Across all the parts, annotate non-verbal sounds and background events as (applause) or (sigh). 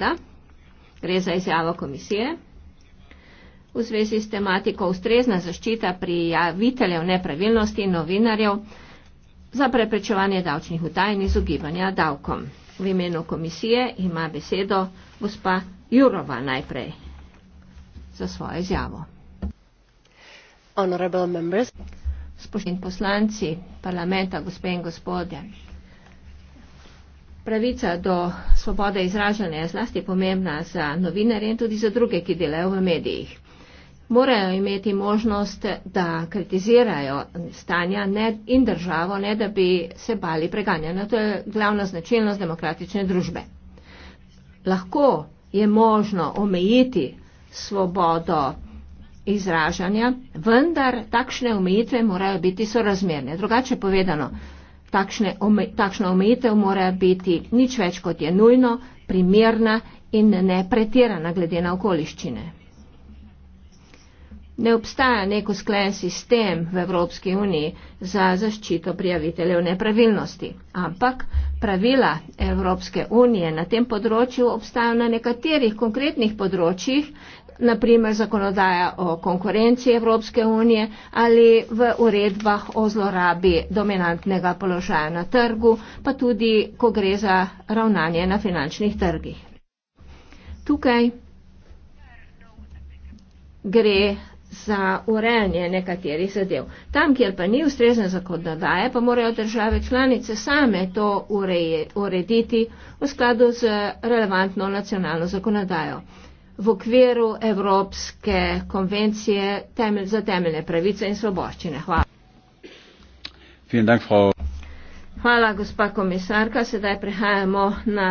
da gre za izjavo komisije. V zvezi s tematiko ustrezna zaščita prijaviteljev nepravilnosti in novinarjev za preprečevanje davčnih utaj in izogibanja davkom. V imenu komisije ima besedo gospa Jurova najprej za svojo izjavo. Honorable members. Spoštovani poslanci parlamenta, gospe in gospodje pravica do svobode izražanja je zlasti pomembna za novinarje in tudi za druge, ki delajo v medijih. Morajo imeti možnost, da kritizirajo stanja in državo, ne da bi se bali preganjanja. To je glavna značilnost demokratične družbe. Lahko je možno omejiti svobodo izražanja, vendar takšne omejitve morajo biti sorazmerne. Drugače povedano, takšne, takšna omejitev mora biti nič več kot je nujno, primerna in ne pretirana glede na okoliščine. Ne obstaja neko sklen sistem v Evropski uniji za zaščito prijaviteljev nepravilnosti, ampak pravila Evropske unije na tem področju obstajajo na nekaterih konkretnih področjih, naprimer zakonodaja o konkurenci Evropske unije ali v uredbah o zlorabi dominantnega položaja na trgu, pa tudi, ko gre za ravnanje na finančnih trgih. Tukaj gre za urejanje nekaterih zadev. Tam, kjer pa ni ustrezne zakonodaje, pa morajo države članice same to ureje, urediti v skladu z relevantno nacionalno zakonodajo v okviru Evropske konvencije temelj za temeljne pravice in svoboščine. Hvala. Dank, Hvala, gospa komisarka. Sedaj prehajamo na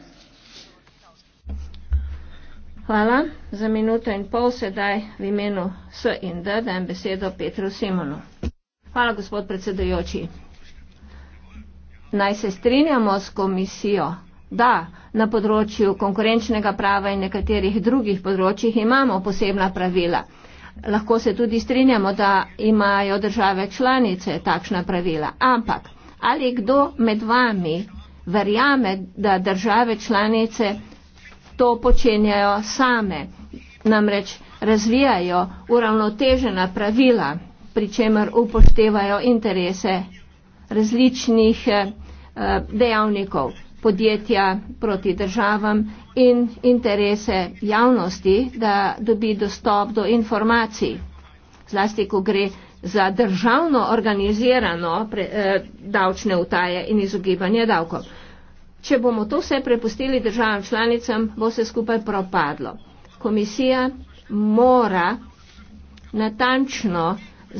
Hvala. Za minuto in pol sedaj v imenu S in D dajem besedo Petru Simonu. Hvala, gospod predsedujoči. Naj se strinjamo s komisijo, da na področju konkurenčnega prava in nekaterih drugih področjih imamo posebna pravila. Lahko se tudi strinjamo, da imajo države članice takšna pravila. Ampak ali kdo med vami verjame, da države članice to počenjajo same, namreč razvijajo uravnotežena pravila, pri čemer upoštevajo interese različnih eh, eh, dejavnikov podjetja proti državam in interese javnosti, da dobi dostop do informacij, zlasti ko gre za državno organizirano eh, davčne utaje in izogibanje davkov. Če bomo to vse prepustili državam članicam, bo se skupaj propadlo. Komisija mora natančno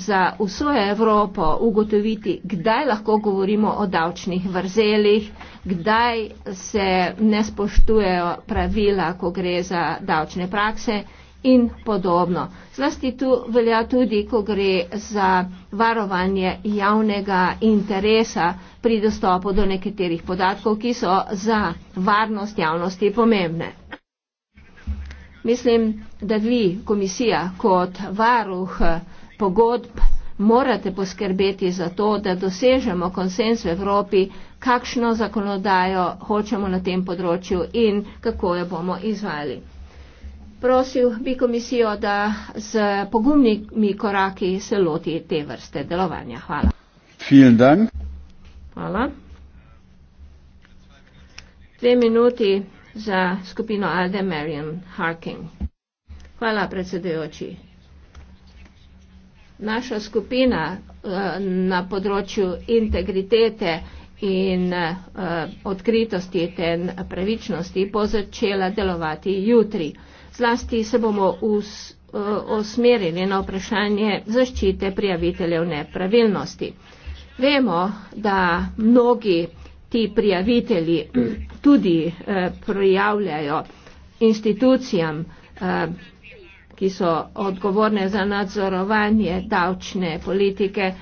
za vso Evropo ugotoviti, kdaj lahko govorimo o davčnih vrzelih, kdaj se ne spoštujejo pravila, ko gre za davčne prakse in podobno. Zlasti tu velja tudi, ko gre za varovanje javnega interesa pri dostopu do nekaterih podatkov, ki so za varnost javnosti pomembne. Mislim, da vi, komisija, kot varuh pogodb morate poskrbeti za to, da dosežemo konsens v Evropi, kakšno zakonodajo hočemo na tem področju in kako jo bomo izvajali prosil bi komisijo, da z pogumnimi koraki se loti te vrste delovanja. Hvala. Hvala. Dve minuti za skupino Alde Marion Harking. Hvala, predsedujoči. Naša skupina eh, na področju integritete in eh, odkritosti ter pravičnosti bo začela delovati jutri. Zlasti se bomo us, uh, osmerili na vprašanje zaščite prijaviteljev nepravilnosti. Vemo, da mnogi ti prijavitelji (clears throat) tudi uh, prijavljajo institucijam, uh, ki so odgovorne za nadzorovanje davčne politike,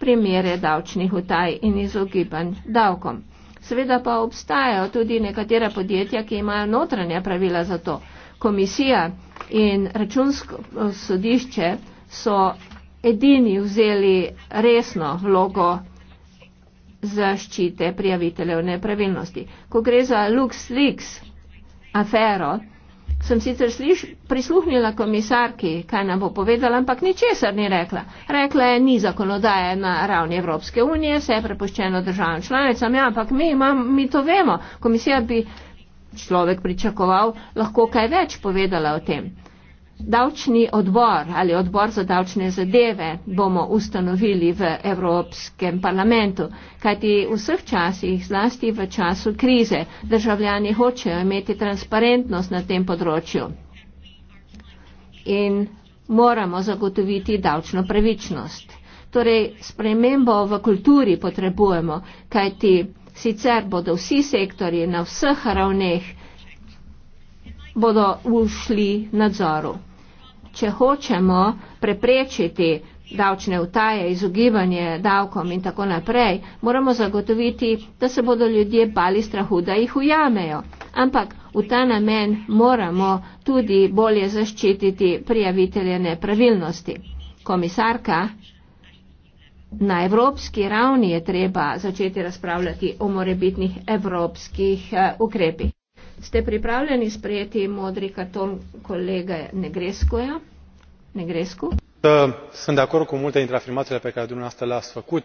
primere davčnih utaj in izogiban davkom. Seveda pa obstajajo tudi nekatera podjetja, ki imajo notranja pravila za to komisija in računsko eh, sodišče so edini vzeli resno vlogo zaščite prijaviteljev nepravilnosti. Ko gre za LuxLeaks afero, sem sicer sliš, prisluhnila komisarki, kaj nam bo povedala, ampak ničesar ni rekla. Rekla je, ni zakonodaje na ravni Evropske unije, vse je prepuščeno državam članicam, ja, ampak mi, imam, mi to vemo. Komisija bi človek pričakoval, lahko kaj več povedala o tem. Davčni odbor ali odbor za davčne zadeve bomo ustanovili v Evropskem parlamentu, kajti v vseh časih, zlasti v času krize, državljani hočejo imeti transparentnost na tem področju in moramo zagotoviti davčno pravičnost. Torej, spremembo v kulturi potrebujemo, kajti sicer bodo vsi sektorji na vseh ravneh bodo ušli nadzoru. Če hočemo preprečiti davčne utaje, izogibanje davkom in tako naprej, moramo zagotoviti, da se bodo ljudje bali strahu, da jih ujamejo. Ampak v ta namen moramo tudi bolje zaščititi prijavitelje nepravilnosti. Komisarka, Na evropski ravni je treba začeti razpravljati o morebitnih evropskih eh, ukrepih. Ste pripravljeni sprejeti modri karton kolega Negreskoja? Negresku? Sem da korak v multe in afirmacije, pa je kaj druga stala svakut.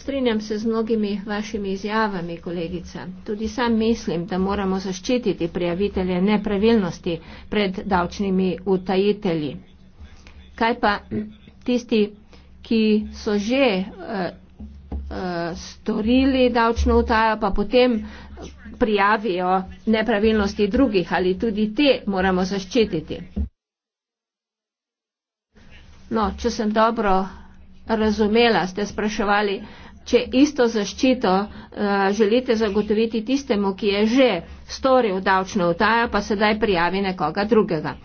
Strinjam se z mnogimi vašimi izjavami, kolegica. Tudi sam mislim, da moramo zaščititi prijavitelje nepravilnosti pred davčnimi utajitelji. Kaj pa tisti ki so že uh, uh, storili davčno utajo, pa potem prijavijo nepravilnosti drugih ali tudi te moramo zaščititi. No, če sem dobro razumela, ste spraševali, če isto zaščito uh, želite zagotoviti tistemu, ki je že storil davčno utajo, pa sedaj prijavi nekoga drugega.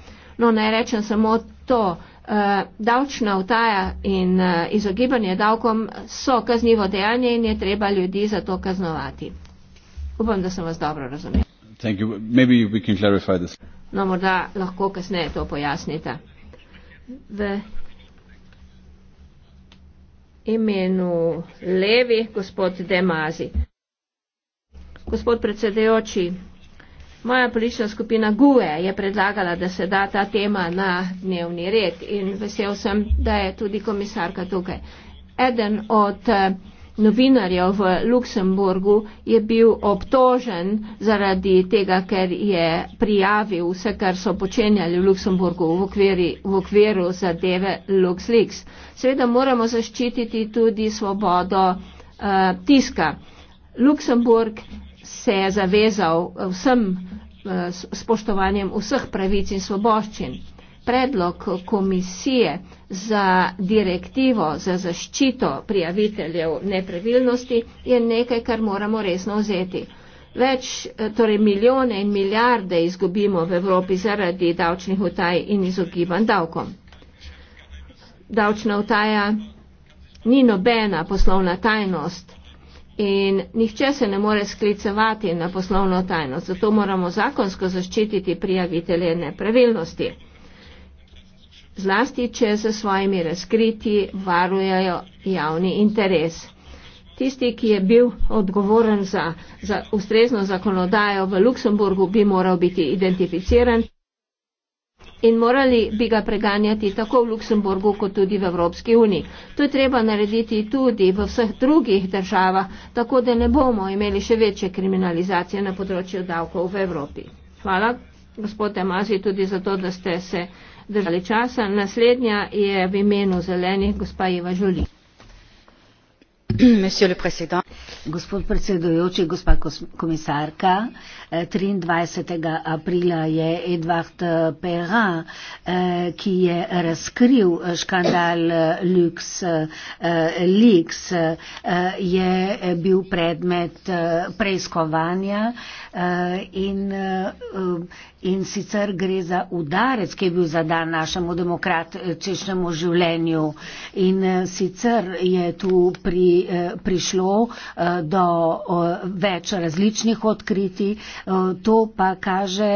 No, naj rečem samo to. Eh, davčna utaja in eh, izogibanje davkom so kaznivo dejanje in je treba ljudi za to kaznovati. Upam, da sem vas dobro razumel. No, morda lahko kasneje to pojasnite. V imenu levi gospod Demazi. Gospod predsedujoči, Moja politična skupina GUE je predlagala, da se da ta tema na dnevni red in vesel sem, da je tudi komisarka tukaj. Eden od eh, novinarjev v Luksemburgu je bil obtožen zaradi tega, ker je prijavil vse, kar so počenjali v Luksemburgu v, okviri, v okviru zadeve LuxLeaks. Seveda moramo zaščititi tudi svobodo uh, tiska. Luksemburg se je zavezal eh, vsem eh, spoštovanjem vseh pravic in svoboščin. Predlog komisije za direktivo za zaščito prijaviteljev nepravilnosti je nekaj, kar moramo resno vzeti. Več, eh, torej milijone in milijarde izgubimo v Evropi zaradi davčnih utaj in izogiban davkom. Davčna utaja ni nobena poslovna tajnost in nihče se ne more sklicevati na poslovno tajno, zato moramo zakonsko zaščititi prijavitelje nepravilnosti. Zlasti, če se svojimi razkriti varujajo javni interes. Tisti, ki je bil odgovoren za, za ustrezno zakonodajo v Luksemburgu, bi moral biti identificiran in morali bi ga preganjati tako v Luksemburgu kot tudi v Evropski uniji. To je treba narediti tudi v vseh drugih državah, tako da ne bomo imeli še večje kriminalizacije na področju davkov v Evropi. Hvala, gospod Amazi, tudi za to, da ste se držali časa. Naslednja je v imenu zelenih gospa Iva Žuli. Gospod predsedujoči, gospa komisarka, 23. Eh, aprila je Edvard eh, Perrin, eh, ki je razkril škandal Lux Leaks, je bil predmet preiskovanja in in sicer gre za udarec, ki je bil zadan našemu demokratičnemu eh, življenju. In eh, sicer je tu pri, eh, prišlo do več različnih odkritij, to pa kaže,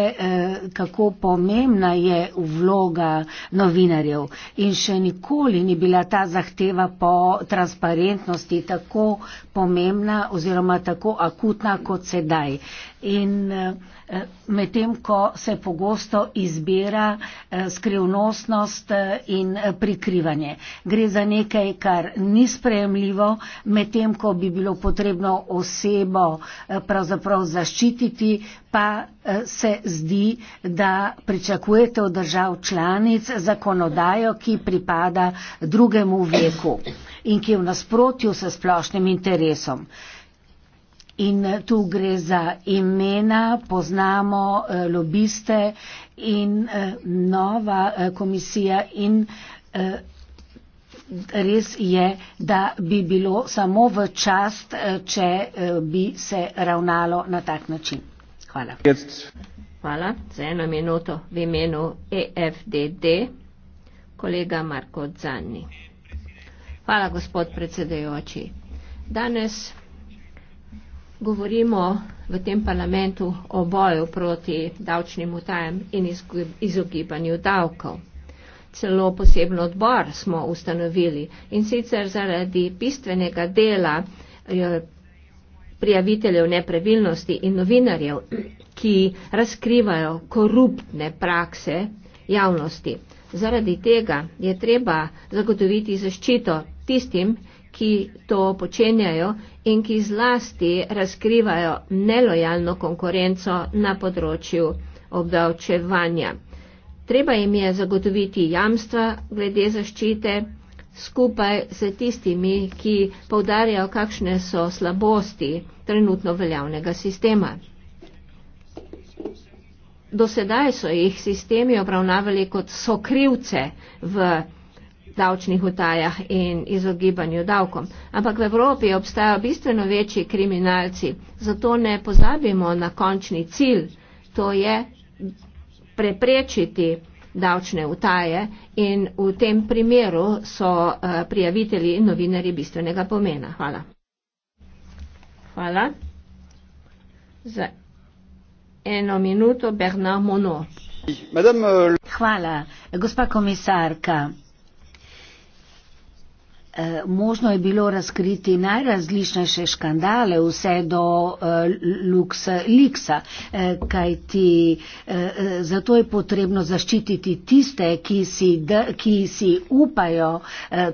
kako pomembna je vloga novinarjev. In še nikoli ni bila ta zahteva po transparentnosti tako pomembna oziroma tako akutna kot sedaj in eh, medtem, ko se pogosto izbira eh, skrivnostnost eh, in prikrivanje. Gre za nekaj, kar ni sprejemljivo, medtem, ko bi bilo potrebno osebo pravzaprav zaščititi, pa se zdi, da pričakujete od držav članic zakonodajo, ki pripada drugemu veku in ki je v nasprotju s splošnim interesom. In eh, tu gre za imena, poznamo eh, lobiste in eh, nova komisija in res je, da bi bilo samo v čast, če bi se ravnalo na tak način. Hvala. Hvala za eno minuto v imenu EFDD, kolega Marko Zanni. Hvala, gospod predsedujoči. Danes Govorimo v tem parlamentu o boju proti davčnim utajem in izogibanju davkov. Celo posebno odbor smo ustanovili in sicer zaradi bistvenega dela eh, prijaviteljev nepravilnosti in novinarjev, (clears throat) ki razkrivajo koruptne prakse javnosti. Zaradi tega je treba zagotoviti zaščito tistim, ki to počenjajo in ki zlasti razkrivajo nelojalno konkurenco na področju obdavčevanja. Treba jim je zagotoviti jamstva glede zaščite skupaj z tistimi, ki povdarjajo, kakšne so slabosti trenutno veljavnega sistema. Do sedaj so jih sistemi obravnavali kot sokrivce v davčnih utajah in izogibanju davkom. Ampak v Evropi obstajajo bistveno večji kriminalci, zato ne pozabimo na končni cilj, to je preprečiti davčne utaje in v tem primeru so eh, prijavitelji in novinari bistvenega pomena. Hvala. Hvala. Za eno minuto Bernard Monod. Eh, Hvala, gospa komisarka. Eh, možno je bilo razkriti najrazličnejše škandale, vse do eh, luksa, eh, kaj ti zato je potrebno zaščititi tiste, ki si, ki si upajo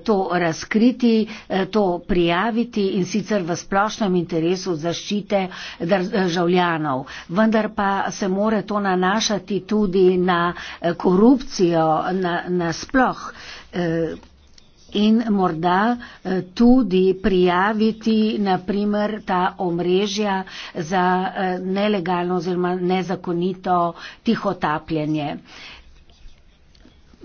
to razkriti, to prijaviti in sicer v splošnem interesu zaščite državljanov. Vendar pa se more to nanašati tudi na korupcijo, na, na sploh in morda eh, tudi prijaviti naprimer ta omrežja za eh, nelegalno oziroma nezakonito tihotapljanje.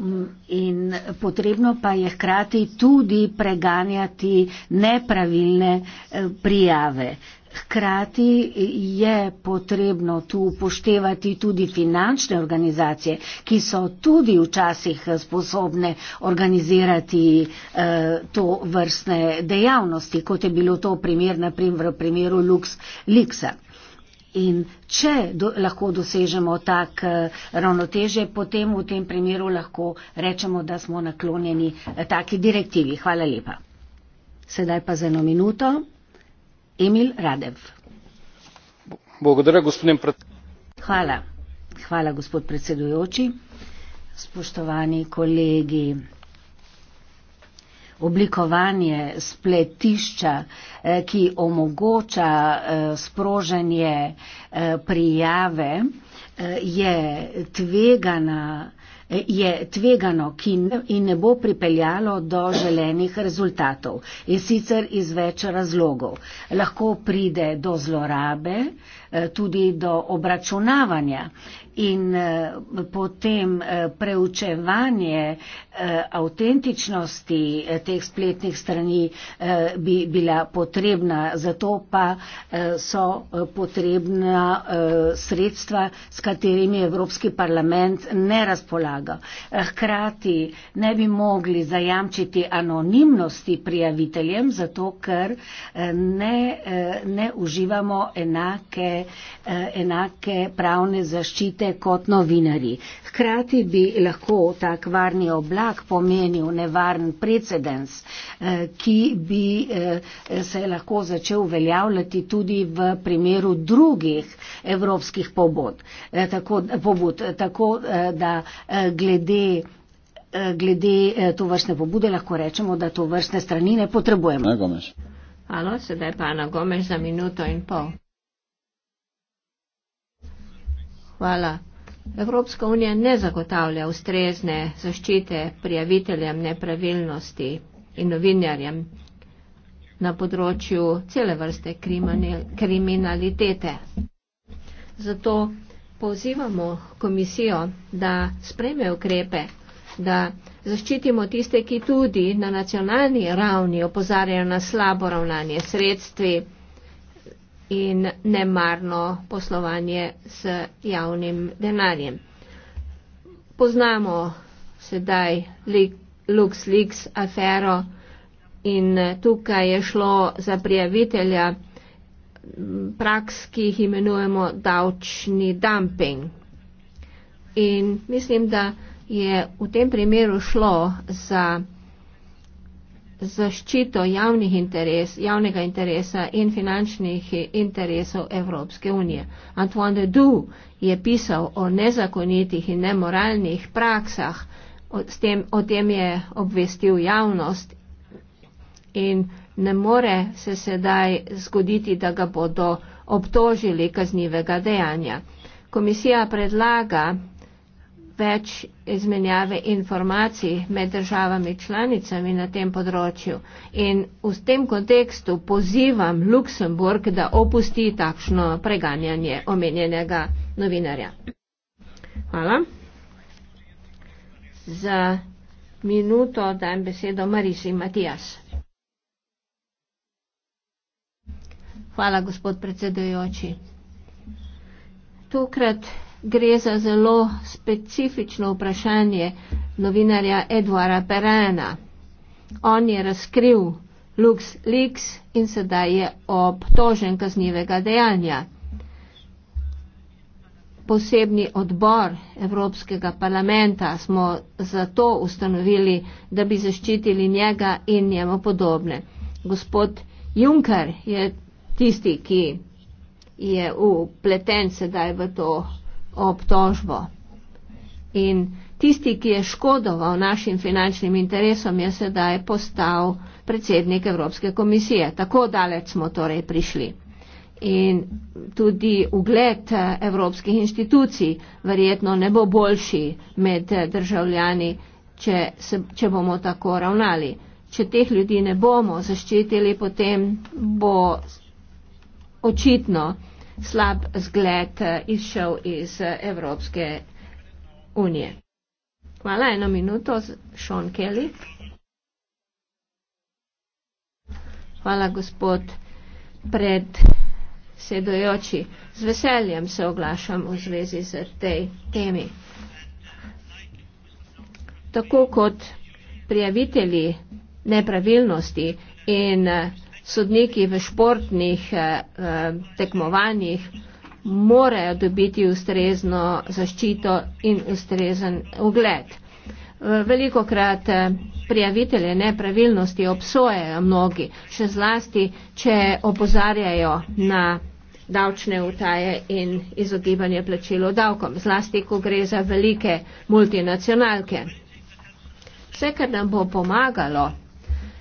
Mm, in potrebno pa je hkrati tudi preganjati nepravilne eh, prijave. Hkrati je potrebno tu upoštevati tudi finančne organizacije, ki so tudi včasih sposobne organizirati eh, to vrstne dejavnosti, kot je bilo to primer, naprimer, v primeru Lux Lixa. In če do, lahko dosežemo tak eh, ravnoteže, potem v tem primeru lahko rečemo, da smo naklonjeni eh, taki direktivi. Hvala lepa. Sedaj pa za eno minuto emil radev hvala hvala gospod predsedujoči spoštovani kolegi oblikovanje spletišča, eh, ki omogoča eh, sproženje eh, prijave, je tvegana je tvegano in ne bo pripeljalo do želenih rezultatov in sicer iz več razlogov. Lahko pride do zlorabe, eh, tudi do obračunavanja in eh, potem eh, preučevanje avtentičnosti teh spletnih strani bi bila potrebna, zato pa so potrebna sredstva, s katerimi Evropski parlament ne razpolaga pomaga. Eh, hkrati ne bi mogli zajamčiti anonimnosti prijaviteljem, zato ker eh, ne, eh, ne uživamo enake, enake pravne zaščite kot novinari. Hkrati bi lahko tak varni oblak pomenil nevaren precedens, ki bi se lahko začel uveljavljati tudi v primeru drugih evropskih pobod. Tako, pobud, tako da glede, eh, glede eh, to vrstne pobude lahko rečemo, da to vrstne strani ne potrebujemo. Ana Gomez. Halo, sedaj pa Ana Gomez za minuto in pol. Hvala. Evropska unija ne zagotavlja ustrezne zaščite prijaviteljem nepravilnosti in novinarjem na področju cele vrste kriminalitete. Zato pozivamo komisijo, da spreme ukrepe, da zaščitimo tiste, ki tudi na nacionalni ravni opozarjajo na slabo ravnanje sredstvi in nemarno poslovanje s javnim denarjem. Poznamo sedaj LuxLeaks afero in tukaj je šlo za prijavitelja praks, ki jih imenujemo davčni dumping. In mislim, da je v tem primeru šlo za zaščito javnih interes, javnega interesa in finančnih interesov Evropske unije. Antoine de Du je pisal o nezakonitih in nemoralnih praksah, o tem, o tem je obvestil javnost in ne more se sedaj zgoditi, da ga bodo obtožili kaznivega dejanja. Komisija predlaga več izmenjave informacij med državami članicami na tem področju in v tem kontekstu pozivam Luksemburg, da opusti takšno preganjanje omenjenega novinarja. Hvala. Za minuto dajem besedo Marisi Matijas. Hvala, gospod predsedujoči. Tokrat gre za zelo specifično vprašanje novinarja Eduara Perena. On je razkril Lux Leaks in sedaj je obtožen kaznjivega dejanja. Posebni odbor Evropskega parlamenta smo zato ustanovili, da bi zaščitili njega in njemu podobne. Gospod Juncker je tisti, ki je upleten sedaj v to obtožbo. In tisti, ki je škodoval našim finančnim interesom, je sedaj postal predsednik Evropske komisije. Tako daleč smo torej prišli. In tudi ugled eh, evropskih institucij verjetno ne bo boljši med eh, državljani, če, se, če bomo tako ravnali. Če teh ljudi ne bomo zaščitili, potem bo očitno slab zgled eh, izšel iz eh, Evropske unije. Hvala, eno minuto, Sean Kelly. Hvala, gospod predsedojoči. Z veseljem se oglašam v zvezi z tej temi. Tako kot prijavitelji nepravilnosti in uh, sodniki v športnih eh, eh, tekmovanjih morajo dobiti ustrezno zaščito in ustrezen ugled. Eh, Veliko krat eh, prijavitelje nepravilnosti obsojajo mnogi, še zlasti, če opozarjajo na davčne utaje in izogibanje plačilo davkom, zlasti, ko gre za velike multinacionalke. Vse, kar nam bo pomagalo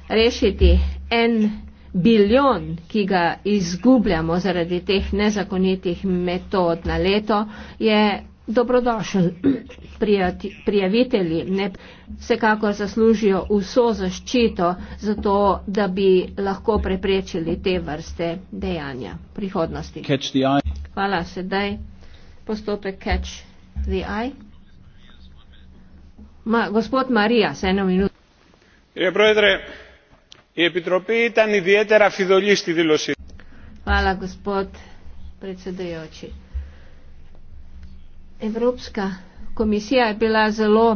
rešiti en bilijon, ki ga izgubljamo zaradi teh nezakonitih metod na leto, je dobrodošel. (clears throat) Prijavitelji ne, vsekakor zaslužijo vso zaščito za to, da bi lahko preprečili te vrste dejanja prihodnosti. Hvala, sedaj postopek catch the eye. Ma, gospod Marija, se eno minuto. Je, brojdre, η Επιτροπή ήταν ιδιαίτερα αφιδωλή στη δήλωσή Hvala, gospod predsedujoči. Evropska komisija je bila zelo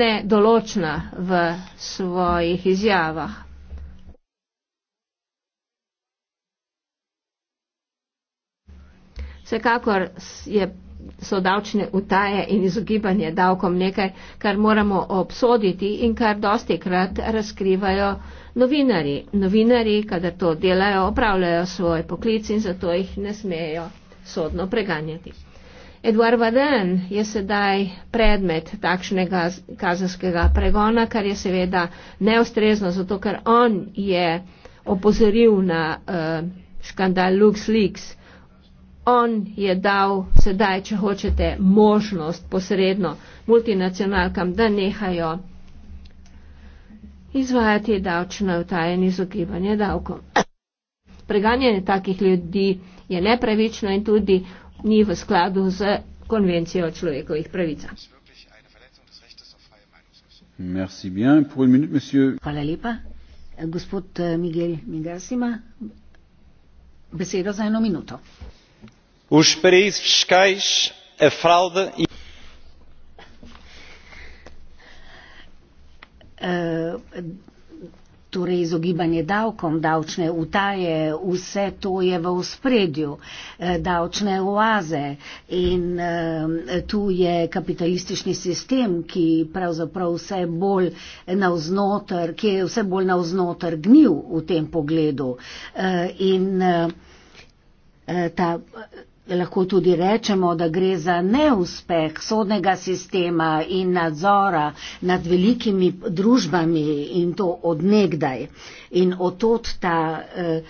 nedoločna v svojih izjavah. Vsekakor je so davčne utaje in izogibanje davkom nekaj, kar moramo obsoditi in kar dosti krat razkrivajo novinari. Novinari, kadar to delajo, opravljajo svoj poklic in zato jih ne smejo sodno preganjati. Edward Vaden je sedaj predmet takšnega kazenskega pregona, kar je seveda neustrezno, zato ker on je opozoril na uh, škandal LuxLeaks. On je dal sedaj, če hočete, možnost posredno multinacionalkam, da nehajo izvajati davčno vtaje in izogibanje davkom. Preganjanje takih ljudi je nepravično in tudi ni v skladu z konvencijo o človekovih pravicah. Hvala lepa. Gospod eh, Miguel Migasima, beseda za eno minuto os paraísos fiscais a fraude e. Eh, torej, izogibanje davkom, davčne utaje, vse to je v ospredju, eh, davčne oaze in eh, tu je kapitalistični sistem, ki pravzaprav vse bolj navznoter, ki je vse bolj navznoter gnil v tem pogledu. In ta Lahko tudi rečemo, da gre za neuspeh sodnega sistema in nadzora nad velikimi družbami in to odnegdaj. In otod ta, eh,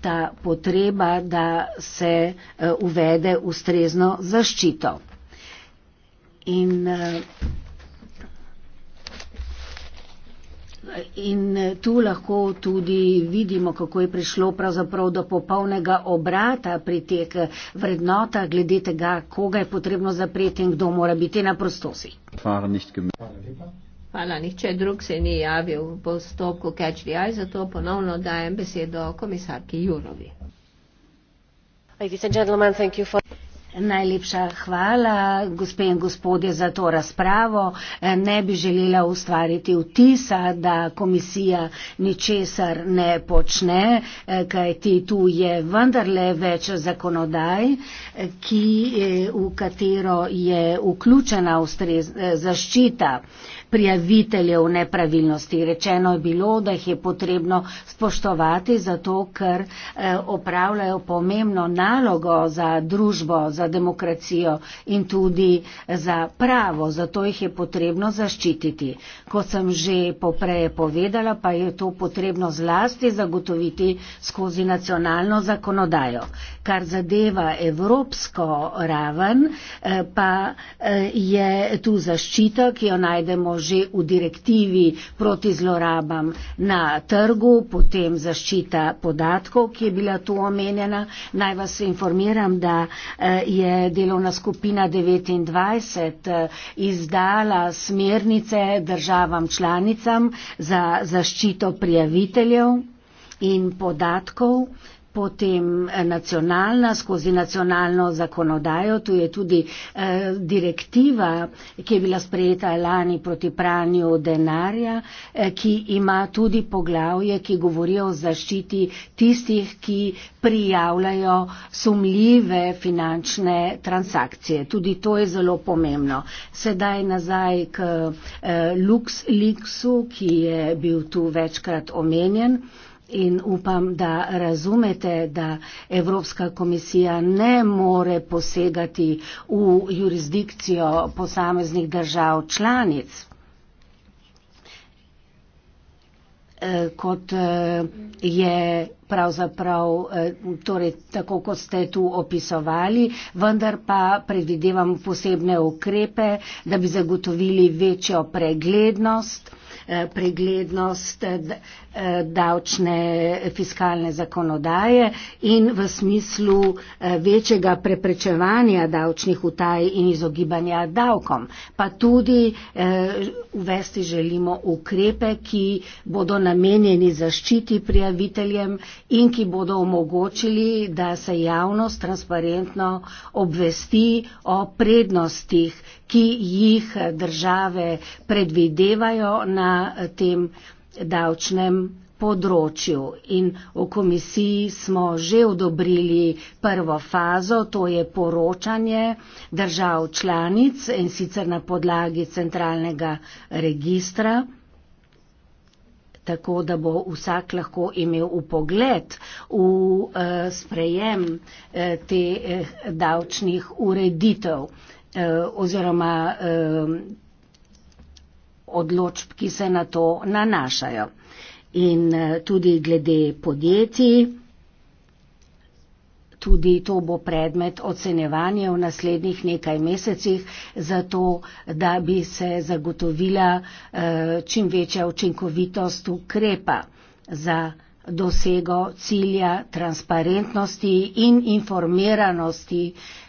ta potreba, da se eh, uvede ustrezno zaščito. In eh, In eh, tu lahko tudi vidimo, kako je prišlo pravzaprav do popolnega obrata pri teh eh, vrednotah glede tega, koga je potrebno zapreti in kdo mora biti na prostosti. Hvala, nihče mi. Hvala, nihče drug se ni javil v postopku Catch the Eye, zato ponovno dajem besedo komisarki Jurovi. Ladies and gentlemen, thank you for... Najlepša hvala, gospe in gospodje, za to razpravo. Eh, ne bi želela ustvariti vtisa, da komisija ničesar ne počne, eh, kajti tu je vendarle več zakonodaj, eh, ki, v katero je vključena ustrez, zaščita prijaviteljev nepravilnosti. Rečeno je bilo, da jih je potrebno spoštovati zato, ker eh, opravljajo pomembno nalogo za družbo, za demokracijo in tudi eh, za pravo. Zato jih je potrebno zaščititi. Kot sem že popreje povedala, pa je to potrebno zlasti zagotoviti skozi nacionalno zakonodajo. Kar zadeva evropsko raven, eh, pa je tu zaščita, ki jo najdemo že v direktivi proti zlorabam na trgu, potem zaščita podatkov, ki je bila tu omenjena. Naj vas informiram, da eh, je delovna skupina 29 eh, izdala smernice državam članicam za zaščito prijaviteljev in podatkov potem nacionalna, skozi nacionalno zakonodajo, tu je tudi eh, direktiva, ki je bila sprejeta lani proti pranju denarja, eh, ki ima tudi poglavje, ki govori o zaščiti tistih, ki prijavljajo sumljive finančne transakcije. Tudi to je zelo pomembno. Sedaj nazaj k eh, LuxLeaksu, ki je bil tu večkrat omenjen in upam, da razumete, da Evropska komisija ne more posegati v jurisdikcijo posameznih držav članic. Eh, kot eh, je pravzaprav, eh, torej tako, kot ste tu opisovali, vendar pa predvidevam posebne ukrepe, da bi zagotovili večjo preglednost. Eh, preglednost eh, eh, davčne fiskalne zakonodaje in v smislu večjega preprečevanja davčnih utaj in izogibanja davkom. Pa tudi uvesti želimo ukrepe, ki bodo namenjeni zaščiti prijaviteljem in ki bodo omogočili, da se javnost transparentno obvesti o prednostih, ki jih države predvidevajo na na eh, tem davčnem področju. In v komisiji smo že odobrili prvo fazo, to je poročanje držav članic in sicer na podlagi centralnega registra tako da bo vsak lahko imel upogled v eh, sprejem teh eh, davčnih ureditev oziroma odločb, ki se na to nanašajo. In eh, tudi glede podjetij, tudi to bo predmet ocenevanja v naslednjih nekaj mesecih, zato da bi se zagotovila eh, čim večja učinkovitost ukrepa za dosego cilja transparentnosti in informiranosti eh,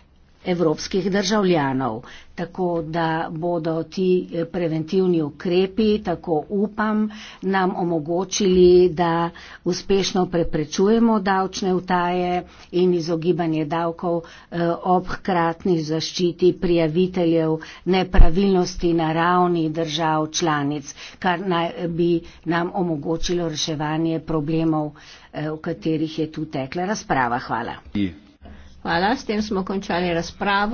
evropskih državljanov. Tako da bodo ti eh, preventivni ukrepi, tako upam, nam omogočili, da uspešno preprečujemo davčne utaje in izogibanje davkov eh, ob hkratni zaščiti prijaviteljev nepravilnosti na ravni držav članic, kar naj eh, bi nam omogočilo reševanje problemov, v katerih je tu tekla razprava. Hvala. Je. Hvala, s tem smo končali razpravo.